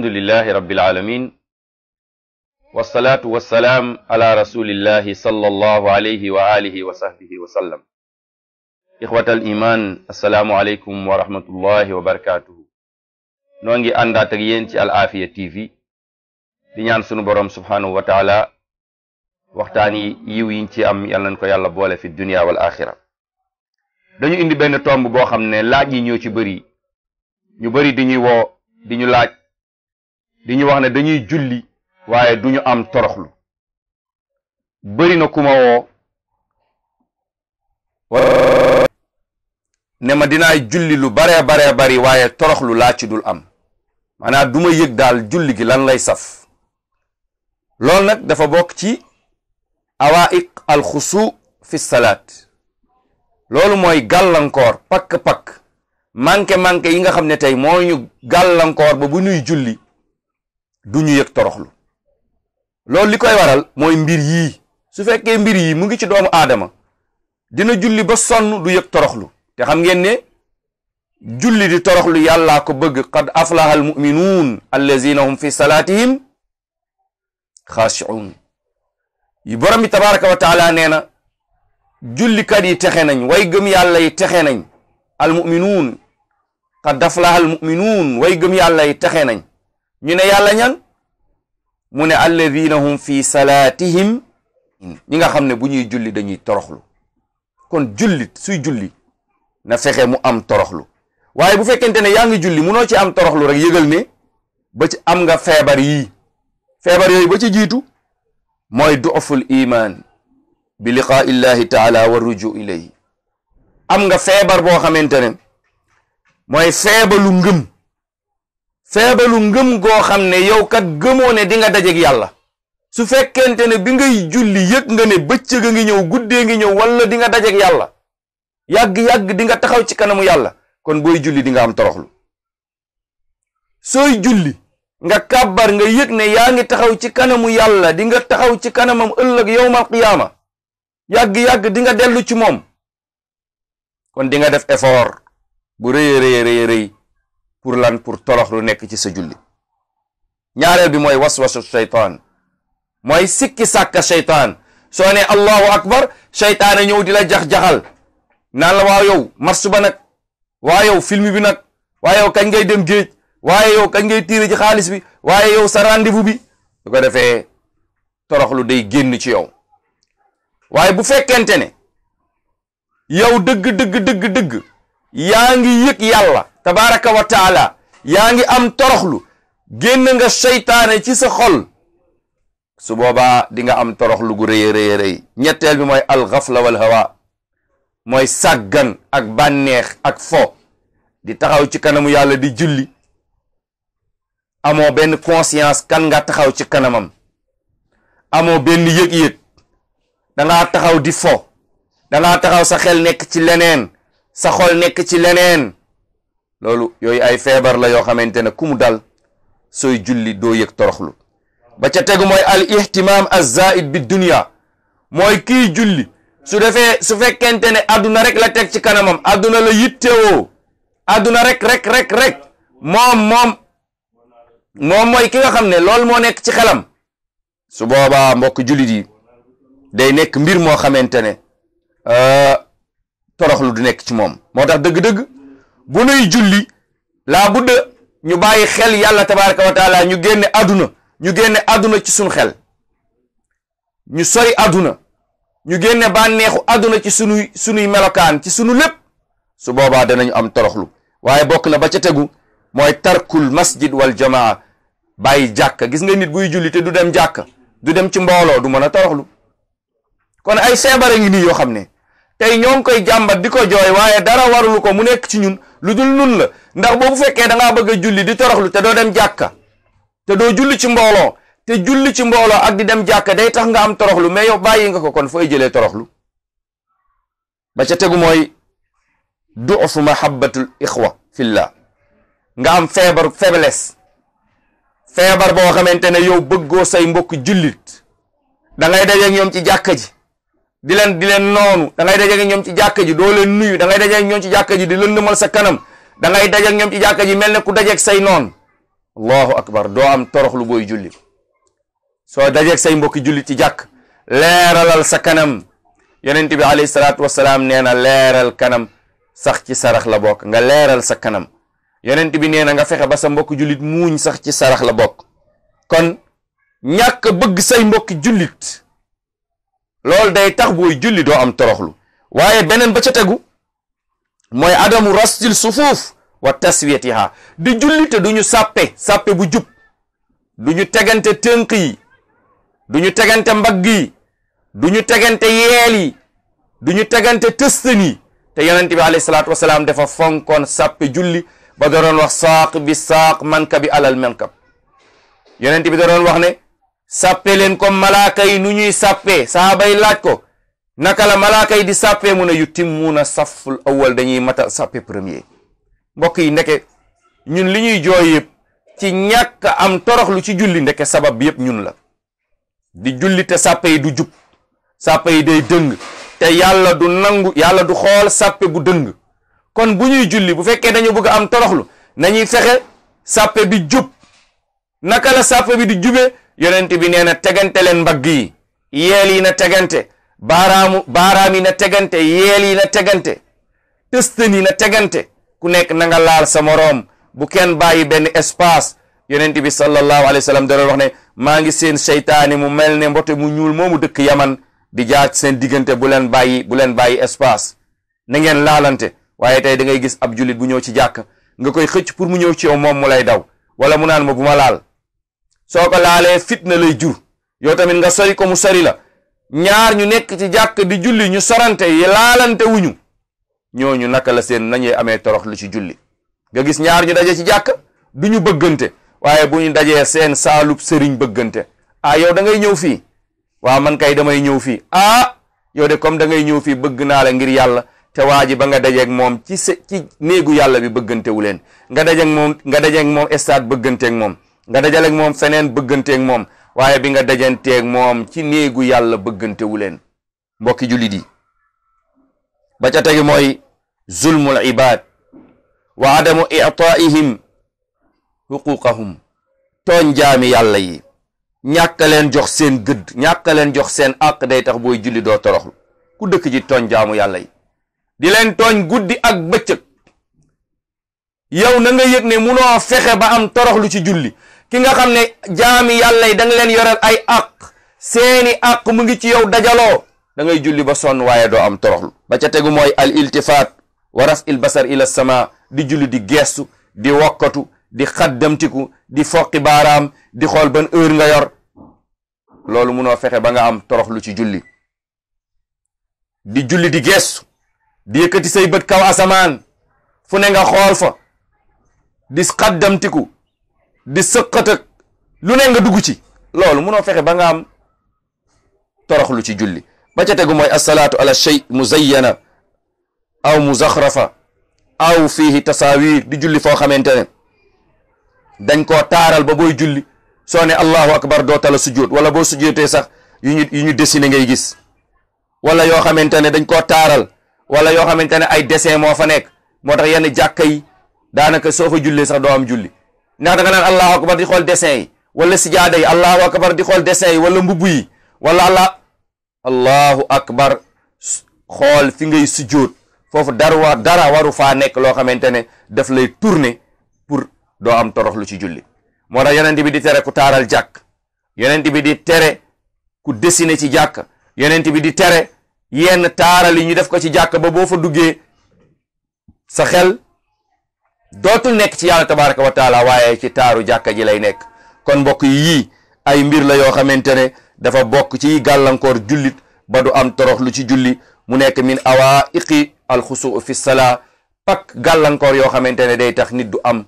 alhamdulillahi rabbil alamin wasalaatu wasalaam ala rasulillahi sallallahu alayhi wa alihi wa sahbihi wa sallam ixwatal iman assalaamu aleykum wa rahmatullahi wa barakatuhu noo ngi àndaat ak yéen ci Al Afia TV di ñaan sunu boroom subhaanahu wa taala waxtaan yi yiw yiñ ci am yal nañ ko yàlla boole fi dunia wal axira dañu indi benn tomb boo xam ne laaj yi ñoo ci bëri ñu bëri di ñuy woo di ñu laaj di ñu wax ne dañuy julli waaye du ñu am toroxlu bëri na ku ma ne ma dinaa julli lu bare baree bari waaye toroxlu laa ci dul am maanaam du ma yëg daal julli gi lan lay saf loolu nag dafa bokk ci awaiq alxusu fi salaat loolu mooy gàllankoor pakk-pakk manqué manqué yi nga xam ne tey moo ñu gàllankoor ba bu ñuy julli du ñu yëg toroxlu loolu li koy waral mooy mbir yi su fekkee mbir yi mu ngi ci doomu aadama dina julli ba sonn du yëg toroxlu te xam ngeen ne julli di toroxlu yàllaa ko bëgg qad aflaha al muminuun allazina hum fi salaatihim xaashiun yi borom nee na jullikat yi texe nañ way gëm yàlla yi texe nañ al muminuun qad aflaha al way gëm yàlla yi texe nañ ñu ne yàlla ñan mu ne alladina hum fi salaatihim ñi nga xam ne bu ñuy julli dañuy toroxlu kon jullit suy julli na fexe mu am toroxlu waaye bu fekkente ne yaa ngi julli munoo ci am toroxlu rek yëgal ne ba ci am nga feebar yi feebar yooyu ba ci jiitu mooy du'ful iman bi liqaa illahi taala wa ruju ilayhi am nga feebar boo xamante ne mooy feebalu ngëm feebalu ngëm goo xam ne yow kat gëmoo ne di nga dajeeg yàlla su fekkente ne bi ngay julli yëg nga ne bëccëg a ngi ñëw guddee ngi ñëw wala dinga nga yàlla yàgg-yàgg dinga taxaw ci kanamu yàlla kon booy julli di nga am toroxlu sooy julli nga kàbbar nga yëg ne yaa ngi taxaw ci kanamu yàlla di nga taxaw ci kanamam ëllëg yowmal qiyaama yàgg-yàgg di nga dellu ci moom kon dinga nga def effort bu rëy rëy rëy rëy pour lan pour torox lu nekk ci sa julli ñaareel bi mooy waswasu shaytaan mooy sikki sàkka shaytaan soo ne allahu akbar shaytaan a ñëw di la jax-jaxal naan la waaw yow mars ba nag waaye yow film bi nag waaye yow kañ ngay dem géej waaye yow kañ ngay tiire ci xaalis bi waaye yow sa rendez bi su ko defee toroxlu day génn ci yow waaye bu fekkente ne yow dëgg dëgg dëgg yaa ngi yëg yàlla tabaraka wa taala yaa ngi am toroxlu génn nga seytaane ci sa xol su boobaa di nga am toroxlu gu rëy rëy rëy ñetteel bi mooy alxafla wal hawa mooy saggan ak bànneex ak fo di taxaw ci kanamu yàlla di julli amoo benn conscience kan nga taxaw ci kanamam amoo benn yëg-yëg danga taxaw di foo dangaa taxaw sa xel nekk ci leneen sa xol nekk ci leneen loolu yooyu ay feebar la yoo xamante ne ku mu dal sooy julli doo yëg toroxlu ba ca tegu mooy al ihtimam azzaid bi dunya mooy kii julli su defee su fekkente ne adduna rek la teg ci kanamam adduna la yittewoo adduna rek rek rek rek moom moom moom mooy ki nga xam ne loolu moo nekk ci xelam su boobaa mbokk jullit yi day nekk mbir moo xamante ne euh, toroxlu du nekk ci moom moo tax dëgg-dëgg bu nuy julli laa budda ñu bàyyi xel yàlla tabaraka wa taala ñu génne àdduna ñu génne àdduna ci suñu xel ñu sori àdduna ñu génne bànneexu àdduna ci sunuy sunuy melokaan ci sunu lépp su boobaa danañu am toroxlu waaye bokk na ba ca tegu mooy tarkul masjid wal jamaa bàyyi jàkk gis nga nit buy julli te du dem jàkk du dem ci mbooloo du mën a toroxlu kon ay seebare ngi nii yoo xam ne tey ñoo ngi koy jàmbat di ko jooy waaye dara warulu ko mu nekk ci ñun lu dul nun la ndax boo bu fekkee da ngaa bëgg julli di toroxlu te doo dem jàkka te doo julli ci mbooloo te julli ci mbooloo ak di dem jàkka day tax nga am toroxlu mais yow bàyyi nga ko kon fooy jëlee toroxlu ba ca tegu mooy duufu mahabbatul ixwa fillah nga am feebar faiblesse feebar boo xamante ne yow bëggoo say mbokk jullit da ngay dajeeg yom ci jàkka ji di leen di leen noonu da ngay ñoom ci jàkka ji doo leen nuyu da ngay ñoom ci jàkka ji di lëndëmal sa kanam da ngay dajeeg ñoom ci jàkka ji mel ne ku dajeeg say noon allahu akbar doo am lu booy julli soo dajeeg say mbokki julli ci jàkk leeralal sa kanam yonent bi alayhi salaatu wasalaam nee na leeral kanam sax ci sarax la bokk nga leeral sa kanam yonent bi nee na nga fexe ba sa mbokki jullit muuñ sax ci sarax la bokk kon ñàkk bëgg say mbokki jullit loolu day tax booy julli doo am toroxlu waaye beneen ba ca tegu mooy adamu rastil sufuuf wa taswiyatiha di julli te du ñu sàppe sàppe bu jub du ñu tegante tënk yi du ñu tegante mbagg yi du ñu tegante yeel yi du ñu tegante tëstan yi te yonente bi alayhi salaatu wasalaam dafa fonkoon sàppe julli ba da wax saaq bi saaq mankab bi alal mankab yonente bi da wax ne sàppe leen comme malaaka yi nu ñuy sàppee saabay yi laaj ko naka la malaaka yi di sàppee mu a yu timmuuna saful awal dañuy matal sàppe premier mbokk yi ndeke ñun li ñuy jooy yëpp ci ñàkk am toroxlu ci julli ndeke sabab yëpp ñun la di julli te sàppe yi du jub sàppe yi day dëng te yàlla du nangu yàlla du xool sàppe bu dëng kon bu ñuy julli bu fekkee dañu bëgg am toroxlu nañuy fexe sàppe bi jub naka la sàppe bi di jube yonent bi nee na tegante leen mbagg yi yeel yi na tegante baaraamu baaraam yi na tegante yeel yi na tegante tëstën yi na tegante ku nekk na nga laal sama moroom bu kenn bàyyi benn espace yonent bi sallallahu alayhi wa sallam da doon ne maa ngi seen seytaane mu mel ne mbote mu ñuul moo mu dëkk yaman di jaaj seen diggante bu leen bàyyi bu leen bàyyi espace na ngeen laalante waaye tey da ngay gis ab julit bu ñëw ci jàkk nga koy xëcc pour mu ñëw ci moom mu lay daw wala mu naan ma bu laal soo ko laalee fitna lay jur yow tamit nga sori ko mu sori la ñaar ñu nekk ci jàkk di julli ñu sorante yi laalante wuñu ñooñu naka la seen nañuy amee torox lu ci julli nga gis ñaar ñu daje ci jàkk du ñu bëggante waaye bu ñu dajee seen saalub sëriñ bëggante ah yow da ngay ñëw fii waaw man kay damay ñëw fii ah yow de comme da ngay ñëw fii bëgg naa la ngir yàlla te waa ji ba nga dajeeg moom ci ci néegu yàlla bi bëggante wu leen nga dajeeg moom nga dajeeg moom stade bëgganteeg moom nga dajaleeg moom feneen bëgganteeg moom waaye bi nga dajanteeg moom ci néegu yàlla bëggantewu leen mbokki jullit yi ba ca tegi mooy zulmul ibaad wa adamu itaihim xuquqahum tooñ jaami yàlla yi ñàkk leen jox seen gëdd ñàkk leen jox seen àq day tax booy julli doo toroxlu ku dëkk ci tooñ yàlla yi di leen tooñ guddi ak bëccëg yow na nga yëg ne munoo fexe ba am toroxlu ci julli ki nga xam ne jaami yàlla yi da leen yoreel ay aq seeni aq mu ngi ci yow dajaloo dangay julli ba sonn waaye doo am toroxlu ba ca tegu mooy al iltifaat wa raf il basar ila sama di julli di geestu di wokkatu di xaddamtiku di foqi baaraam di xool ban heure nga yor loolu munoo fexe ba nga am toroxlu ci julli di julli di geestu di yëkkati say bët kaw asamaan fu ne nga xool fa di xaddamtiku di sëqat ak lu ne nga dugg ci loolu munoo fexe ba nga am torox lu ci julli ba ca tegu mooy assalaatu ala shay muzayyana aw muzaxrafa aw fiihi tasawir di julli foo xamante ne dañ koo taaral ba booy julli soo ne allahu akbar doo tala sujjoot wala boo sujjootee sax yu ñu yu ngay gis wala yoo xamante ne dañ koo taaral wala yoo xamante ne ay dessin moo fa nekk moo tax yenn jàkka yi daanaka soo fa jullee sax doo am julli ndax da nga naan allahu akbar di xool dessin yi wala sijaada yi allahu akbar di xool dessin yi wala mbubb yi wala allah allahu akbar xool fi ngay sujjóot foofu dara waru faa nekk loo xamante ne daf lay tourner pour doo am torox lu ci julli moo tax yonent bi di tere ku taaral jàkk yonent bi di tere ku dessiner ci jàkk yonent bi di tere yenn taaral yi ñu def ko ci jàkk ba boo fa duggee sa xel dootul nekk ci yàlla tabaraka wa taala waaye ci taaru jàkka ji lay nekk kon mbokk yii ay mbir la yoo xamante ne dafa bokk ci gàllankoor jullit ba du am torox lu ci julli mu nekk min awaa iqi alxusuu fi salaa pak gàllankoor yoo xamante ne day tax nit du am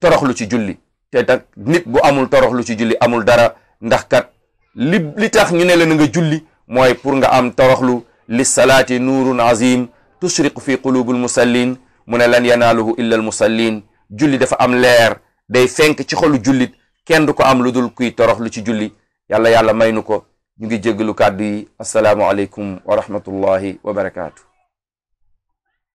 toroxlu ci julli te tax nit bu amul torox lu ci julli amul dara ndax kat li li tax ñu ne la na nga julli mooy pour nga am toroxlu li salaati nuurun azim tushriqu fi qulubil musallin mu ne lan yanaaluhu illa al musallin julli dafa am leer day fenk ci xolu jullit kenn du ko am lu dul kuy torox lu ci julli yàlla yàlla may nu ko ñu ngi jéggalu kàddu yi asalaamu aleykum wa rahmatullahi wa barakaatu